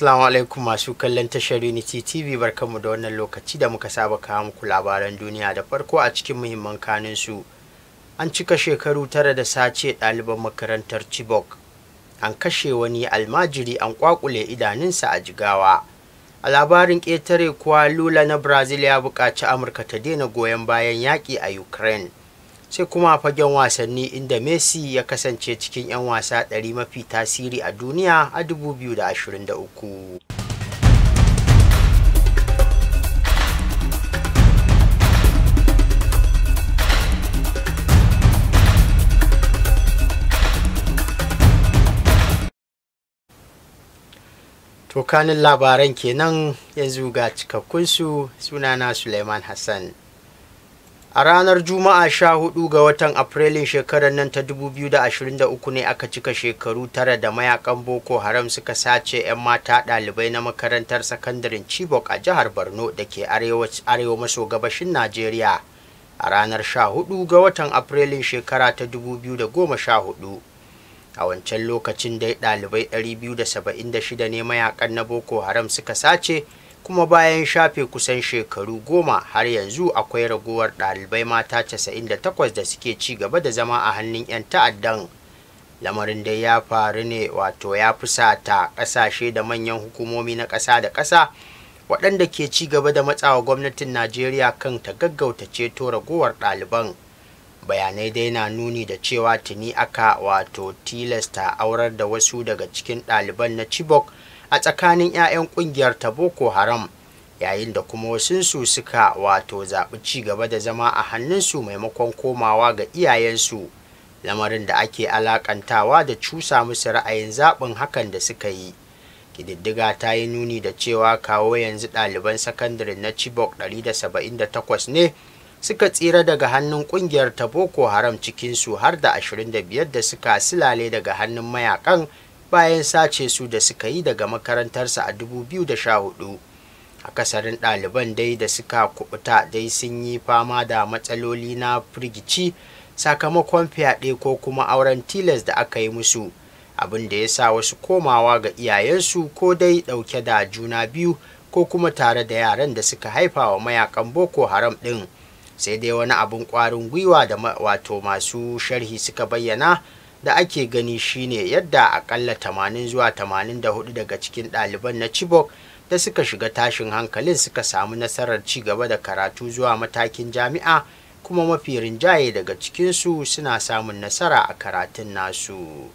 Assalamu alaikum masu kallon tashar Unity TV Barkamu da wannan lokaci da muka saba kawo muku labaran duniya da farko a cikin muhimman kanin su. An cika shekaru tara da sace ɗaliban makarantar Chibok. An kashe wani almajiri an kwakule idanunsa a jigawa. A labarin ƙetare kuwa Lula na Brazil ya buƙaci Amurka ta daina goyon bayan yaƙi a Ukraine. sai kuma fagen wasanni inda messi ya kasance cikin 'yan wasa 100 mafi tasiri a duniya a 2023 Tokanin labaran kenan yanzu ga cikakkunsu sunana Suleiman Hassan. a ranar juma'a sha hudu ga watan afrilun shekarar nan ta 2023 ne aka cika shekaru tara da mayakan boko haram suka sace 'yan mata ɗalibai na makarantar sakandaren chibok a jihar borno da ke arewa maso gabashin najeriya a ranar sha hudu ga watan afrilun shekara ta 2014 a wancan lokacin dai ɗalibai 276 ne mayakan na boko haram suka sace kuma bayan shafe kusan shekaru goma har yanzu akwai ragowar ɗalibai mata 98 da suke ci gaba da zama a hannun 'yan ta'addan lamarin dai ya faru ne wato ya fusata ƙasashe da manyan hukumomi na ƙasa da ƙasa waɗanda ke ci gaba da matsawa gwamnatin najeriya kan ta gaggauta ceto ragowar ɗaliban bayanai dai na nuni da cewa tuni aka wato tilasta aurar da wasu daga cikin ɗaliban na chibok a tsakanin 'ya'yan kungiyar ta boko haram yayin da kuma su suka wato zaɓi ci gaba da zama a hannunsu maimakon komawa ga iyayensu lamarin da ake alakantawa da cusa musu ra'ayin zaɓin hakan da suka yi ƙididdiga ta yi nuni da cewa kawo yanzu ɗaliban sakandare na chibok 178 ne suka tsira daga hannun ƙungiyar ta boko haram cikinsu har da 25 da suka silale daga hannun mayakan bayan sace su da suka yi daga makarantarsa a 2014 akasarin ɗaliban dai da suka kubuta dai sun yi fama da matsaloli na firgici sakamakon fyaɗe ko kuma auren tilas da aka yi musu abin da ya sa wasu komawa ga iyayensu ko dai ɗauke da juna biyu ko kuma tare da yaran da suka haifa wa mayakan boko haram ɗin sai dai wani abin ƙwarin gwiwa da wato masu sharhi suka bayyana da ake gani shine yadda akalla 80 zuwa 84 daga cikin ɗaliban na Chibok da suka shiga tashin hankalin suka samu nasarar ci gaba da karatu zuwa matakin jami'a kuma mafi rinjaye daga cikinsu suna samun nasara a karatun nasu.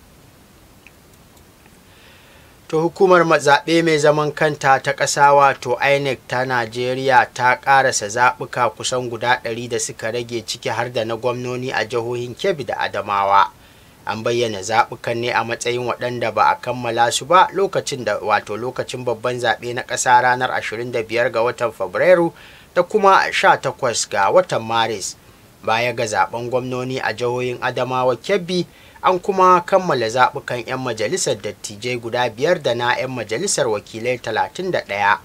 To hukumar mazaɓe mai zaman kanta ta ƙasa wato INEC ta Najeriya ta ƙarasa zaɓuka kusan guda ɗari da suka rage ciki har da na gwamnoni a jihohin Kebbi da Adamawa. an bayyana zaɓukan ne a matsayin waɗanda ba a kammala su ba lokacin da wato lokacin babban zaɓe na ƙasa ranar 25 ga watan fabrairu da kuma 18 ga watan maris baya ga zaɓen gwamnoni a jihohin adamawa kebbi an kuma kammala zaɓukan 'yan majalisar dattijai guda biyar da na 'yan majalisar wakilai 31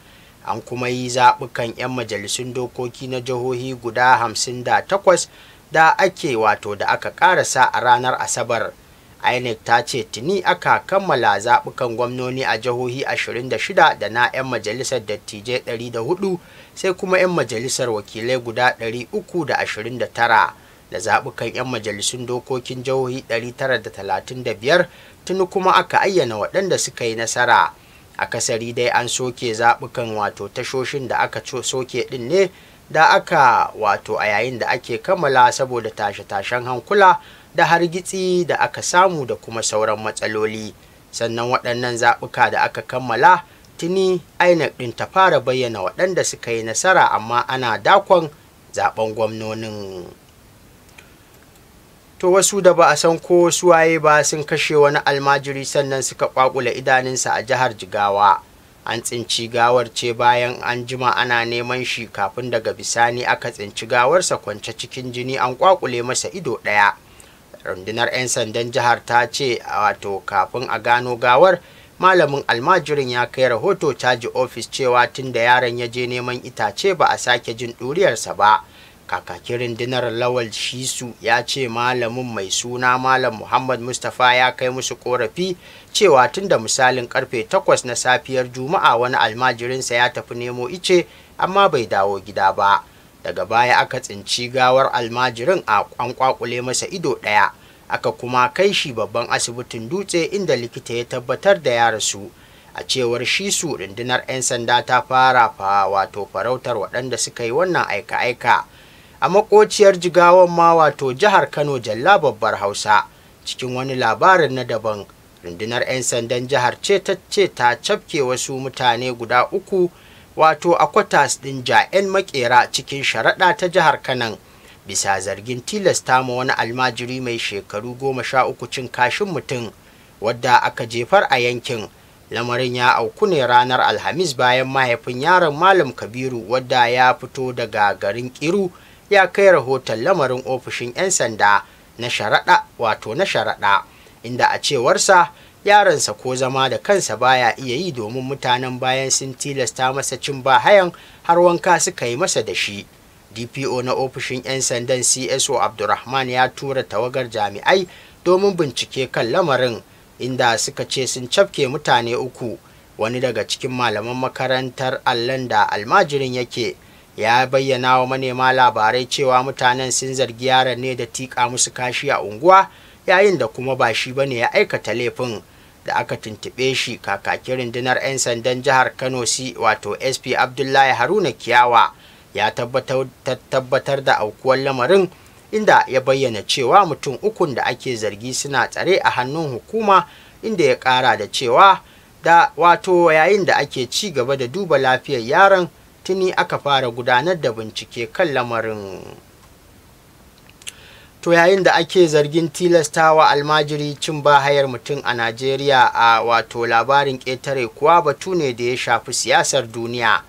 an kuma yi zaɓukan 'yan majalisun dokoki na jihohi guda 58 da ake wato da aka karasa a ranar asabar inec ta ce tuni aka kammala zaɓukan gwamnoni a jihohi 26 da na 'yan majalisar dattijai 104 sai kuma 'yan majalisar wakilai guda 329 da zaɓukan 'yan majalisun dokokin jihohi 935 tuni kuma aka ayyana waɗanda suka yi nasara A akasari dai an soke zaɓukan wato tashoshin da aka soke ɗin ne da aka wato a yayin da ake kammala saboda tashe-tashen hankula da hargitsi da aka samu da kuma sauran matsaloli sannan waɗannan zaɓuka da aka kammala tuni inec ɗin ta fara bayyana waɗanda suka yi nasara amma ana dakon zaɓen gwamnonin to wasu da ba a san ko suwaye ba sun kashe wani almajiri sannan suka kwakula idaninsa a jihar jigawa an tsinci gawar ce bayan an jima ana neman shi kafin daga bisani aka tsinci gawarsa kwance cikin jini an kwakule masa ido ɗaya rundunar 'yan sandan jihar ta ce wato kafin a gano gawar malamin almajirin ya kai rahoto caji ofis cewa tun da yaron ya je neman itace ba a sake jin ɗuriyarsa ba kakakin rundunar lawal shisu ya ce malamin mai suna malam muhammad mustapha ya kai musu korafi cewa tun da misalin karfe takwas na safiyar juma'a wani almajirinsa ya tafi nemo ice amma bai dawo gida ba daga baya aka tsinci gawar almajirin a kwankwakule masa ido ɗaya aka kuma kai shi babban asibitin dutse inda likita ya tabbatar da ya rasu a cewar shi su rundunar 'yan sanda ta fara fa wato farautar waɗanda suka yi wannan aika-aika a makociyar jigawan ma wato jihar kano jalla babbar hausa cikin wani labarin na daban rundunar 'yan sandan jihar ce ta ce ta cafke wasu mutane guda uku wato a kwatas ɗin ja'en makera cikin sharaɗa ta jihar kanan bisa zargin tilasta ma wani almajiri mai shekaru goma sha uku cin kashin mutum wadda aka jefar a yankin lamarin ya auku ne ranar alhamis bayan mahaifin yaron malam kabiru wadda ya fito daga garin kiru ya kai rahoton lamarin ofishin 'yan sanda na sharaɗa wato na sharaɗa inda a cewarsa yaransa ko zama da kansa baya iya yi domin mutanen bayan sun tilasta masa cin bahayan har wanka suka yi masa da shi dpo na ofishin 'yan sandan cso Abdulrahman ya tura tawagar jami'ai domin bincike kan lamarin inda suka ce sun cafke mutane uku wani daga cikin malaman makarantar allon da almajirin yake ya bayyana wa manema labarai cewa mutanen sun zargi yaran ne da tiƙa musu kashi a unguwa yayin da kuma ba shi bane ya aikata laifin da aka tuntuɓe shi kakakin rundunar 'yan sandan jihar kano si wato sp abdullahi haruna kiyawa ya tabbatar da aukuwar lamarin inda ya bayyana cewa mutum ukun da ake zargi suna tsare a hannun hukuma inda ya kara da cewa da wato yayin da ake ci gaba da duba lafiyar yaron tuni aka fara gudanar da bincike kan lamarin to yayin da ake zargin tilasta wa almajiri cin bahayar mutum a najeriya a wato labarin ƙetare kuwa batu ne da ya shafi siyasar duniya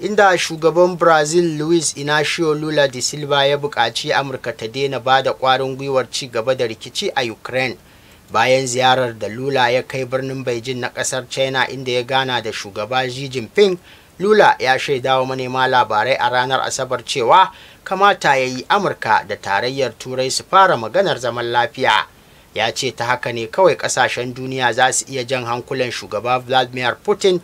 inda shugaban brazil luis inacio lula da silva ya buƙaci amurka ta daina ba da ƙwarin gwiwar ci gaba da rikici a ukraine bayan ziyarar da lula ya kai birnin beijing na ƙasar china inda ya gana da shugaba xi jinping lula ya shaida wa manema labarai a ranar asabar cewa kamata ya yi amurka da tarayyar turai su fara maganar zaman lafiya ya ce ta haka ne kawai kasashen duniya za su iya jan hankulan shugaba vladimir putin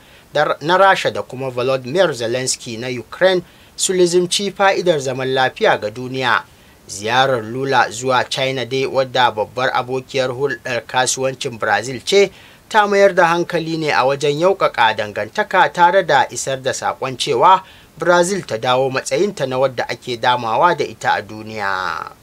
na rasha da kuma volodymyr zelensky na ukraine su lizimci fa'idar zaman lafiya ga duniya ziyarar lula zuwa china dai wadda babbar abokiyar hulɗar kasuwancin brazil ce ta mayar da hankali ne a wajen yaukaka dangantaka tare da isar da saƙon cewa brazil ta dawo matsayinta na wadda ake damawa da ita a duniya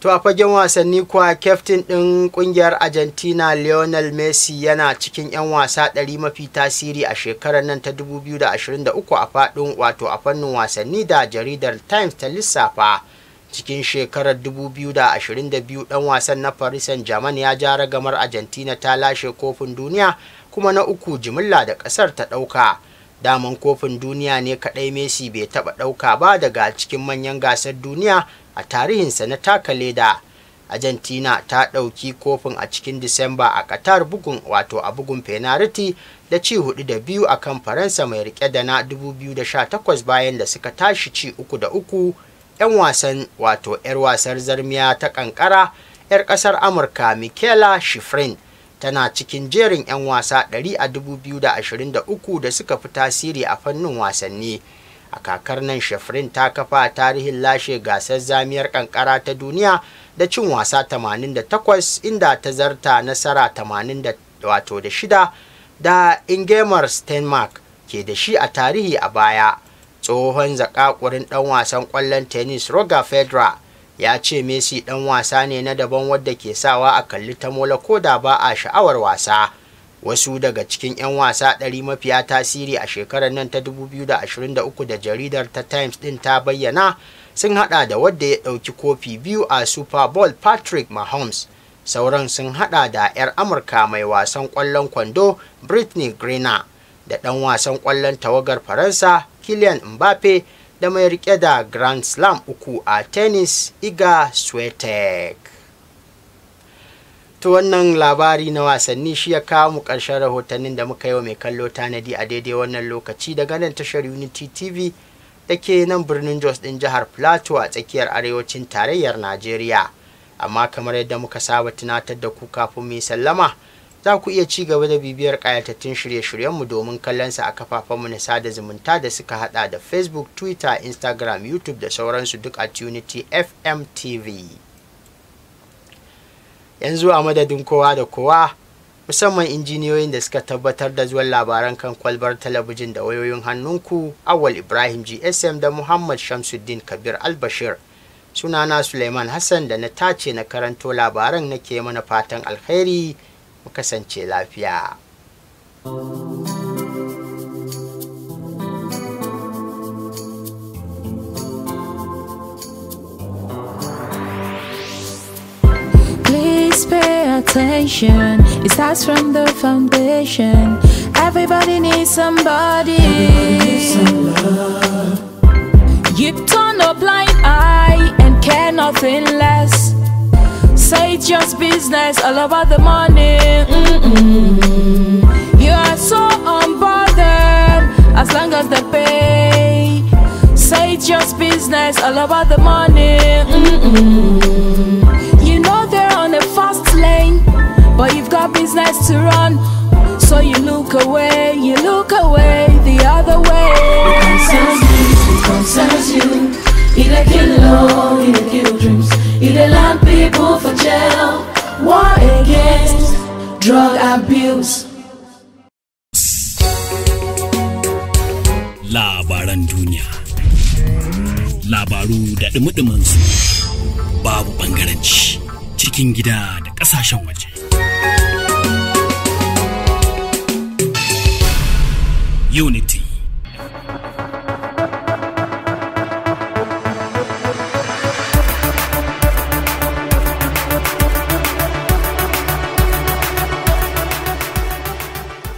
to a fagen wasanni kuwa kyaftin ɗin ƙungiyar argentina lionel messi yana cikin 'yan wasa 100 mafi tasiri a shekarar nan ta 2023 a faɗin wato a fannin wasanni da jaridar times ta lissafa cikin shekarar 2022 ɗan wasan na paris saint-germain ya ja ragamar argentina ta lashe kofin duniya kuma na uku jimilla da ƙasar ta ɗauka daman kofin duniya ne kaɗai messi bai taɓa ɗauka ba daga cikin manyan gasar duniya a tarihinsa na taka leda argentina ta ɗauki kofin a cikin disamba a qatar bugun wato a bugun penariti da ci hudu da biyu a kan faransa mai rike da na 2018 bayan da suka tashi ci uku da uku 'yan wasan wato 'yar wasar zarmiya ta kankara 'yar kasar amurka michaela Shifrin. tana cikin jerin 'yan wasa ɗari a da suka fi tasiri a fannin wasanni a kakar nan shafrin ta kafa tarihin lashe gasar zamiyar kankara ta duniya da cin wasa 88 inda ta zarta nasara 86 da ingemar Stenmark ke da shi a tarihi a baya tsohon zakakurin ɗan wasan ƙwallon tennis roger federer ya ce messi dan wasa ne na daban wadda ke sawa a kalli ta mola ko da ba a sha'awar wasa wasu daga cikin 'yan wasa ɗari mafiya tasiri a shekarar nan ta 2023 da jaridar ta times din ta bayyana sun hada da wadda ya ɗauki kofi biyu a super bowl patrick mahomes sauran sun hada da 'yar amurka mai wasan ƙwallon kwando britney greener da ɗan wasan ƙwallon tawagar faransa kylian mbappe da mai rike da grand slam uku a tennis iga swiatek to wannan labari na wasanni shi ya kawo mu ƙarshen rahotannin da muka yi wa mai kallo tanadi a daidai wannan lokaci daga nan tashar unity tv da ke nan birnin jos ɗin jihar plateau a tsakiyar arewacin tarayyar najeriya amma kamar yadda muka saba tunatar da ku kafin mu sallama za ku iya ci gaba da bibiyar kayatattun shirye-shiryenmu domin kallonsa a kafafenmu na sada zumunta da suka hada da facebook twitter instagram youtube da sauransu duk a unity fm tv yanzu a madadin kowa da kowa musamman injiniyoyin da suka tabbatar da zuwan labaran kan kwalbar talabijin da wayoyin hannunku awal ibrahim gsm da muhammad shamsuddin kabir albashir sunana suleiman hassan da na tace na karanto labaran nake mana fatan alkhairi mu lafiya. Please pay attention, it starts from the foundation. Everybody needs somebody. You turn a blind eye and care nothing less say it's just business, all about the money. Mm -mm. You are so unbothered as long as they pay. Say it's just business, all about the money. Mm you know they're on a fast lane, but you've got business to run. So you look away, you look away the other way. concerns you, concerns you. He dey kill all, he dey kill dreams He dey land people for jail War against drug abuse Labaran duniya Labaru da dumi su babu ɓangaranci cikin gida da ƙasashen waje. Unity